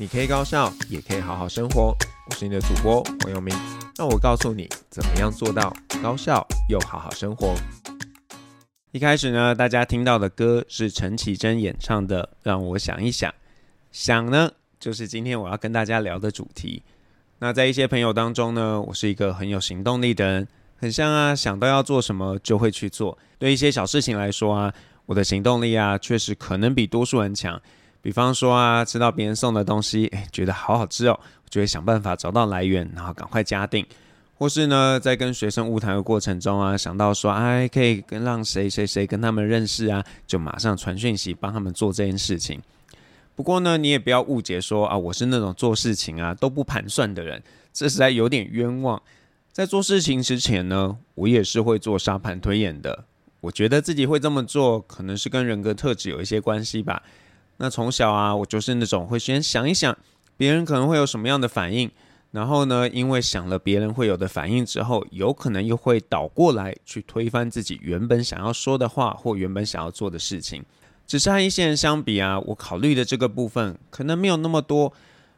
你可以高效，也可以好好生活。我是你的主播黃揚名，讓我告訴你怎麼樣做到高效又好好生活。一開始呢，大家聽到的歌是陳綺貞演唱的。讓我想一想，想呢，就是今天我要跟大家聊的主題。那在一些朋友當中呢，我是一個很有行動力的人，很像啊，想到要做什麼就會去做。對一些小事情來說啊，我的行動力啊，確實可能比多數人強。比方說啊，吃到別人送的東西，欸，覺得好好吃哦，就會想辦法找到來源，然後趕快加訂。或是呢，在跟學生晤談的過程中啊，想到說，哎、啊，可以跟讓誰誰誰跟他們認識啊，就馬上傳訊息幫他們做這件事情。不過呢，你也不要誤解說啊，我是那種做事情啊都不盤算的人，這實在有點冤枉。在做事情之前呢，我也是會做沙盤推演的。我覺得自己會這麼做，可能是跟人格特質有一些關係吧。那從小啊，我就是那種會先想一想，別人可能會有什麼樣的反應，然後呢，因為想了別人會有的反應之後，有可能又會倒過來去推翻自己原本想要說的話或原本想要做的事情。只是和一些人相比啊，我考慮的這個部分可能沒有那麼多。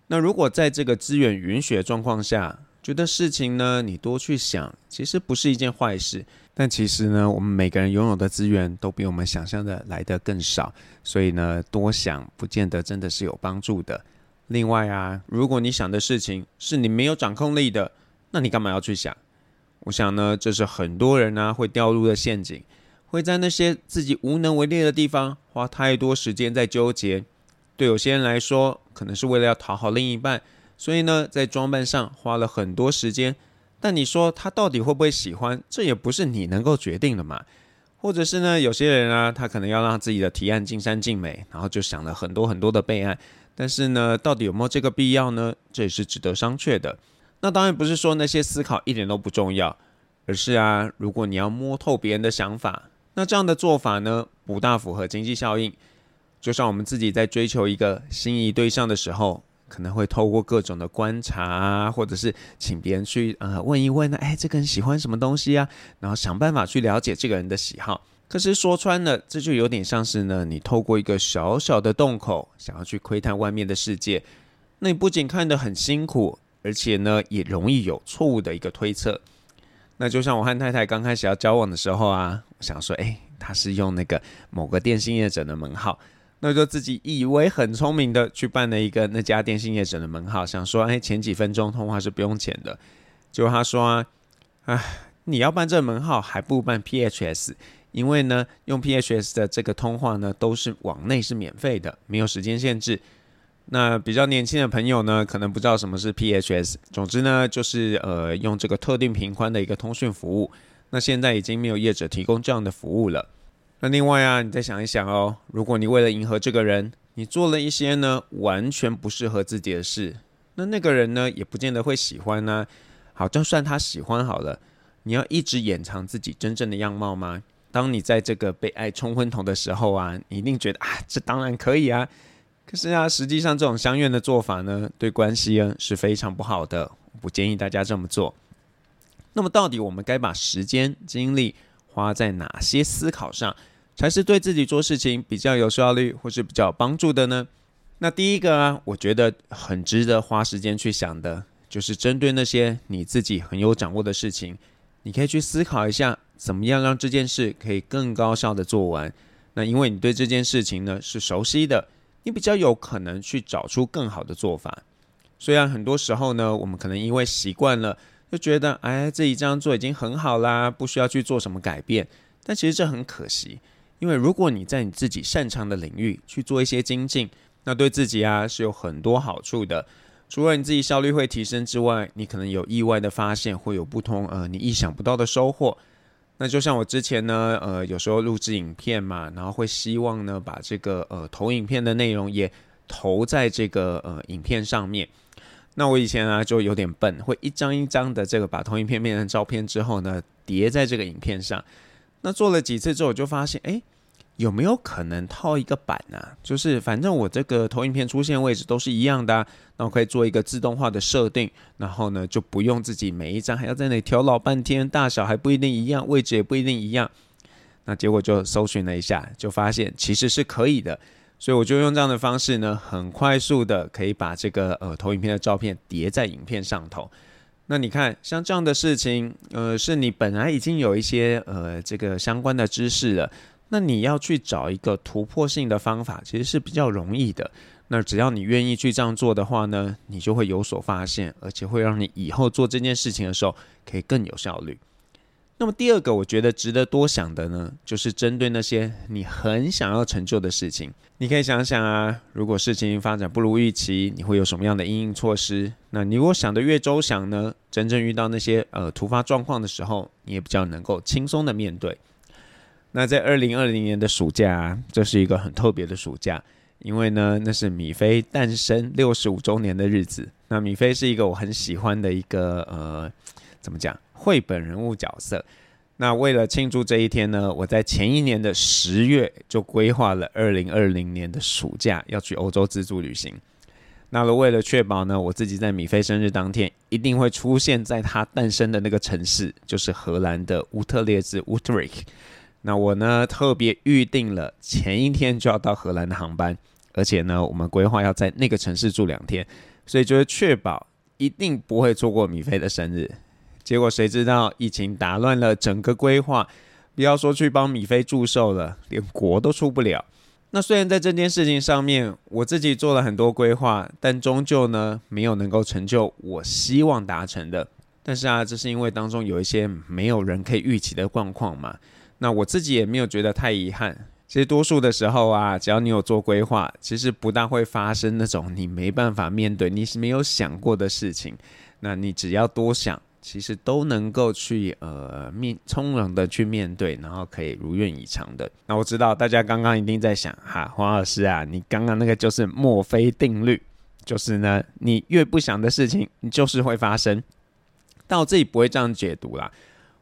那如果在這個資源允許的狀況下，覺得事情呢，你多去想，其實不是一件壞事。但其實呢，我們每個人擁有的資源都比我們想象的來得更少，所以呢，多想不見得真的是有幫助的。另外啊，如果你想的事情是你沒有掌控力的，那你幹嘛要去想？我想呢，這是很多人呢，啊，會掉入的陷阱，會在那些自己無能為力的地方花太多時間在糾結。對有些人來說，可能是為了要討好另一半，所以呢，在裝扮上花了很多時間。但你說他到底會不會喜歡？這也不是你能夠決定的嘛。或者是呢，有些人啊，他可能要讓自己的提案盡善盡美，然後就想了很多很多的備案。但是呢，到底有沒有這個必要呢？這也是值得商榷的。那當然不是說那些思考一點都不重要，而是啊，如果你要摸透別人的想法，那這樣的做法呢，不大符合經濟效應。就像我們自己在追求一個心儀對象的時候。可能會透過各種的觀察啊，或者是請別人去呃問一問呢啊，哎，這個人喜歡什麼東西啊？然後想辦法去了解這個人的喜好。可是說穿了，這就有點像是呢，你透過一個小小的洞口，想要去窺探外面的世界。那你不僅看得很辛苦，而且呢，也容易有錯誤的一個推測。那就像我和太太剛開始要交往的時候啊，我想說，哎，她是用那個某個電信業者的門號。那就自己以為很聰明的去辦了一個那家電信業者的門號，想說哎，前幾分鐘通話是不用錢的。就他說、啊，哎，你要辦這門號，還不如辦 PHS，因為呢，用 PHS 的這個通話呢，都是網內是免費的，沒有時間限制。那比較年輕的朋友呢，可能不知道什麼是 PHS，總之呢，就是呃，用這個特定頻寬的一個通訊服務。那現在已經沒有業者提供這樣的服務了。那另外啊，你再想一想哦，如果你為了迎合這個人，你做了一些呢完全不適合自己的事，那那個人呢也不見得會喜歡呢、啊。好，就算他喜歡好了，你要一直掩藏自己真正的樣貌嗎？當你在這個被愛沖昏頭的時候啊，你一定覺得啊這當然可以啊。可是啊，實際上這種相怨的做法呢，對關係啊是非常不好的，我不建議大家這麼做。那麼到底我們該把時間、精力花在哪些思考上？還是對自己做事情比較有效率，或是比較有幫助的呢？那第一個啊，我覺得很值得花時間去想的，就是針對那些你自己很有掌握的事情，你可以去思考一下，怎麼樣讓這件事可以更高效的做完。那因為你對這件事情呢是熟悉的，你比較有可能去找出更好的做法。雖然很多時候呢，我們可能因為習慣了，就覺得哎，自己這樣做已經很好啦，不需要去做什麼改變，但其實這很可惜。因為如果你在你自己擅長的領域去做一些精進，那對自己啊是有很多好處的。除了你自己效率會提升之外，你可能有意外的發現，會有不同呃你意想不到的收穫。那就像我之前呢，呃有時候錄制影片嘛，然後會希望呢把這個呃投影片的內容也投在這個呃影片上面。那我以前啊就有點笨，會一張一張的這個把投影片變成照片之後呢疊在這個影片上。那做了幾次之後，我就發現，誒，有沒有可能套一個板呢？就是反正我這個投影片出現位置都是一樣的，那我可以做一個自動化的設定，然後呢，就不用自己每一張還要在那裡調老半天，大小還不一定一樣，位置也不一定一樣。那結果就搜尋了一下，就發現其實是可以的，所以我就用這樣的方式呢，很快速的可以把這個呃投影片的照片疊在影片上頭。那你看，像這樣的事情，呃，是你本來已經有一些呃這個相關的知識了，那你要去找一個突破性的方法，其實是比較容易的。那只要你願意去這樣做的話呢，你就會有所發現，而且會讓你以後做這件事情的時候可以更有效率。那麼第二個，我覺得值得多想的呢，就是針對那些你很想要成就的事情，你可以想想啊，如果事情發展不如預期，你會有什麼樣的因應措施？那你如果想的越周詳呢，真正遇到那些呃突發狀況的時候，你也比較能夠輕鬆的面對。那在二零二零年的暑假啊，這是一個很特別的暑假，因為呢，那是米菲誕生六十五周年的日子。那米菲是一個我很喜歡的一個呃，怎麼講？繪本人物角色。那為了慶祝這一天呢，我在前一年的十月就規劃了二零二零年的暑假要去歐洲自助旅行。那了為了確保呢，我自己在米菲生日當天一定會出現在他誕生的那個城市，就是荷蘭的烏特列茲烏特瑞克。那我呢特別預定了前一天就要到荷蘭的航班，而且呢我們規劃要在那個城市住兩天，所以就是確保一定不會錯過米菲的生日。結果誰知道疫情打亂了整個規劃，不要說去幫米菲祝壽了，連國都出不了。那雖然在這件事情上面，我自己做了很多規劃，但終究呢，沒有能夠成就我希望達成的。但是啊，這是因為當中有一些沒有人可以預期的狀況嘛。那我自己也沒有覺得太遺憾。其實多數的時候啊，只要你有做規劃，其實不大會發生那種你沒辦法面對、你是沒有想過的事情。那你只要多想。其實都能夠去呃面從容的去面對，然後可以如願以償的。那我知道大家剛剛一定在想哈，黃老師啊，你剛剛那個就是墨菲定律，就是呢，你越不想的事情，你就是會發生。但我自己不會這樣解讀啦。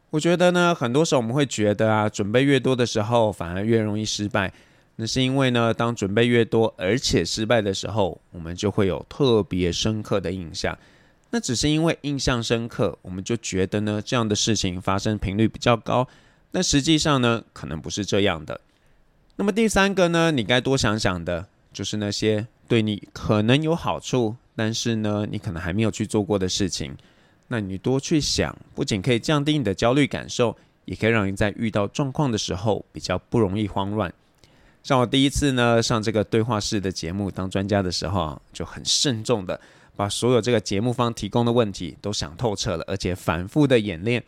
我覺得呢，很多時候我們會覺得啊，準備越多的時候，反而越容易失敗。那是因為呢，當準備越多，而且失敗的時候，我們就會有特別深刻的印象。那只是因為印象深刻，我們就覺得呢，這樣的事情發生頻率比較高。那實際上呢，可能不是這樣的。那麼第三個呢，你該多想想的，就是那些對你可能有好處，但是呢，你可能還沒有去做過的事情。那你多去想，不僅可以降低你的焦慮感受，也可以讓你在遇到狀況的時候比較不容易慌亂。像我第一次呢上這個對話式的節目當專家的時候，就很慎重的。把所有這個節目方提供的問題都想透徹了，而且反復的演練，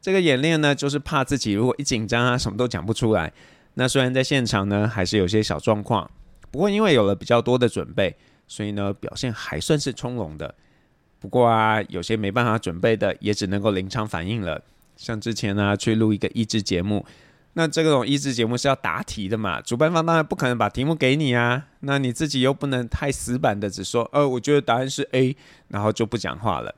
這個演練呢，就是怕自己如果一緊張啊，什麼都講不出來。那雖然在現場呢，還是有些小狀況，不過因為有了比較多的準備，所以呢，表現還算是從容的。不過啊，有些沒辦法準備的，也只能夠臨場反應了。像之前呢、啊，去錄一個益智節目。那這種益智節目是要答題的嘛，主辦方當然不可能把題目給你啊。那你自己又不能太死板的，只說“呃，我覺得答案是 A”，然後就不講話了。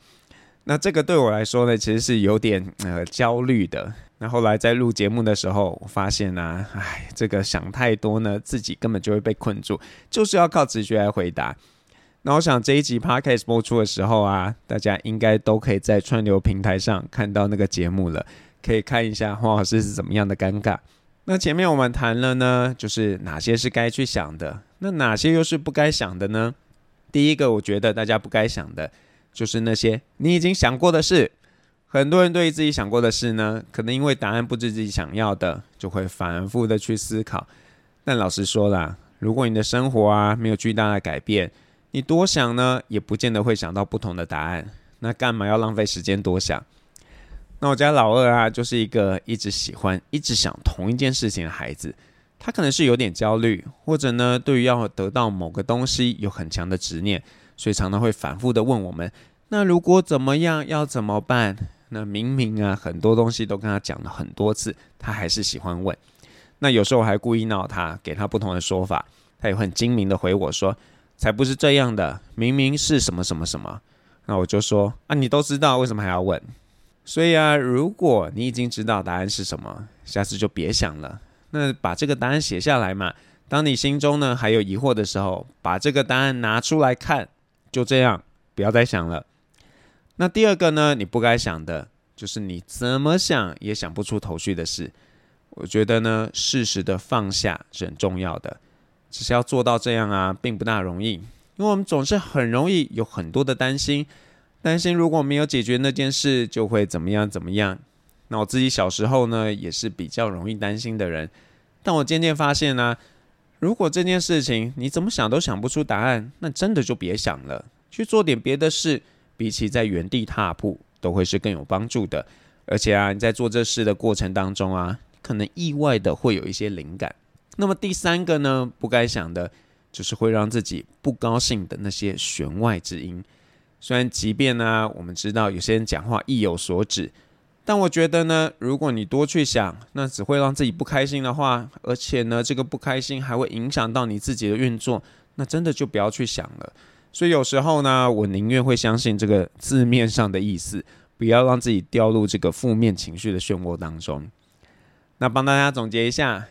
那這個對我來說呢，其實是有點呃焦慮的。那後來在錄節目的時候，我發現呢、啊，哎，這個想太多呢，自己根本就會被困住，就是要靠直覺來回答。那我想這一集 Podcast 播出的時候啊，大家應該都可以在串流平台上看到那個節目了。可以看一下黃老師是怎麼樣的尷尬。那前面我們談了呢，就是哪些是該去想的，那哪些又是不該想的呢？第一個，我覺得大家不該想的就是那些你已經想過的事。很多人對於自己想過的事呢，可能因為答案不是自己想要的，就會反覆的去思考。但老實說啦，如果你的生活啊沒有巨大的改變，你多想呢，也不見得會想到不同的答案。那幹嘛要浪費時間多想？那我家老二啊，就是一個一直喜歡、一直想同一件事情的孩子，他可能是有點焦慮，或者呢，對於要得到某個東西有很強的執念，所以常常會反覆的問我們：“那如果怎麼樣，要怎麼辦？”那明明啊，很多東西都跟他講了很多次，他還是喜歡問。那有時候我還故意鬧他，給他不同的說法，他也會很精明的回我說：“才不是這樣的，明明是什麼什麼什麼。”那我就說：“啊，你都知道，為什麼還要問？”所以啊，如果你已經知道答案是什麼，下次就別想了。那把這個答案寫下來嘛。當你心中呢，還有疑惑的時候，把這個答案拿出來看，就這樣，不要再想了。那第二個呢，你不該想的就是你怎麼想也想不出頭緒的事。我覺得呢，適時的放下是很重要的。只是要做到這樣啊，並不大容易，因為我們總是很容易有很多的擔心。擔心如果沒有解決那件事，就會怎麼樣怎麼樣。那我自己小時候呢，也是比較容易擔心的人。但我漸漸發現呢啊，如果這件事情你怎麼想都想不出答案，那真的就別想了，去做點別的事，比起在原地踏步，都會是更有幫助的。而且啊，你在做這事的過程當中啊，可能意外的會有一些靈感。那麼第三個呢，不該想的，就是會讓自己不高興的那些弦外之音。雖然，即便呢，啊，我們知道有些人講話意有所指，但我覺得呢，如果你多去想，那只會讓自己不開心的話，而且呢，這個不開心還會影響到你自己的運作，那真的就不要去想了。所以有時候呢，我寧願會相信這個字面上的意思，不要讓自己掉入這個負面情緒的漩渦當中。那幫大家總結一下，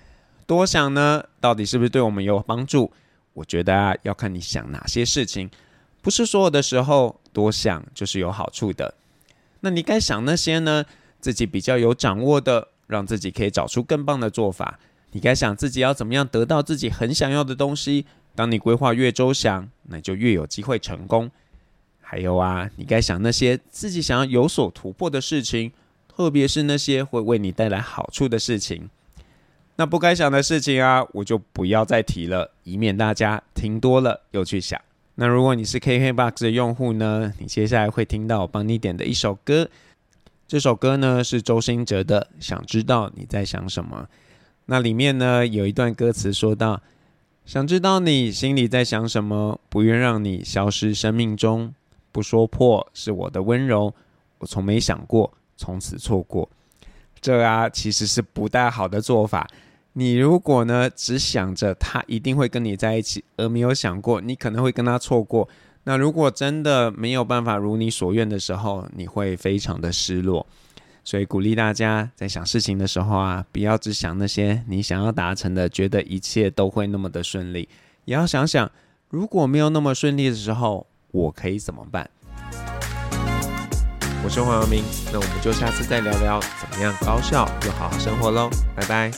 多想呢，到底是不是對我們有幫助？我覺得，啊，要看你想哪些事情。不是所有的時候多想就是有好處的，那你該想那些呢？自己比較有掌握的，讓自己可以找出更棒的做法。你該想自己要怎麼樣得到自己很想要的東西。當你規劃越周詳，那就越有機會成功。還有啊，你該想那些自己想要有所突破的事情，特別是那些會為你帶來好處的事情。那不該想的事情啊，我就不要再提了，以免大家聽多了又去想。那如果你是 KKBOX 的用戶呢？你接下來會聽到我幫你點的一首歌，這首歌呢是周興哲的《想知道你在想什麼》。那裡面呢有一段歌詞說到：“想知道你心裡在想什麼，不願讓你消失生命中，不說破是我的溫柔，我從沒想過從此錯過。”這啊其實是不大好的做法。你如果呢，只想着他一定會跟你在一起，而沒有想過你可能會跟他錯過。那如果真的沒有辦法如你所願的時候，你會非常的失落。所以鼓勵大家在想事情的時候啊，不要只想那些你想要達成的，覺得一切都會那麼的順利，也要想想如果沒有那麼順利的時候，我可以怎麼辦？我是黃揚名，那我們就下次再聊聊怎麼樣高效又好好生活嘍，拜拜。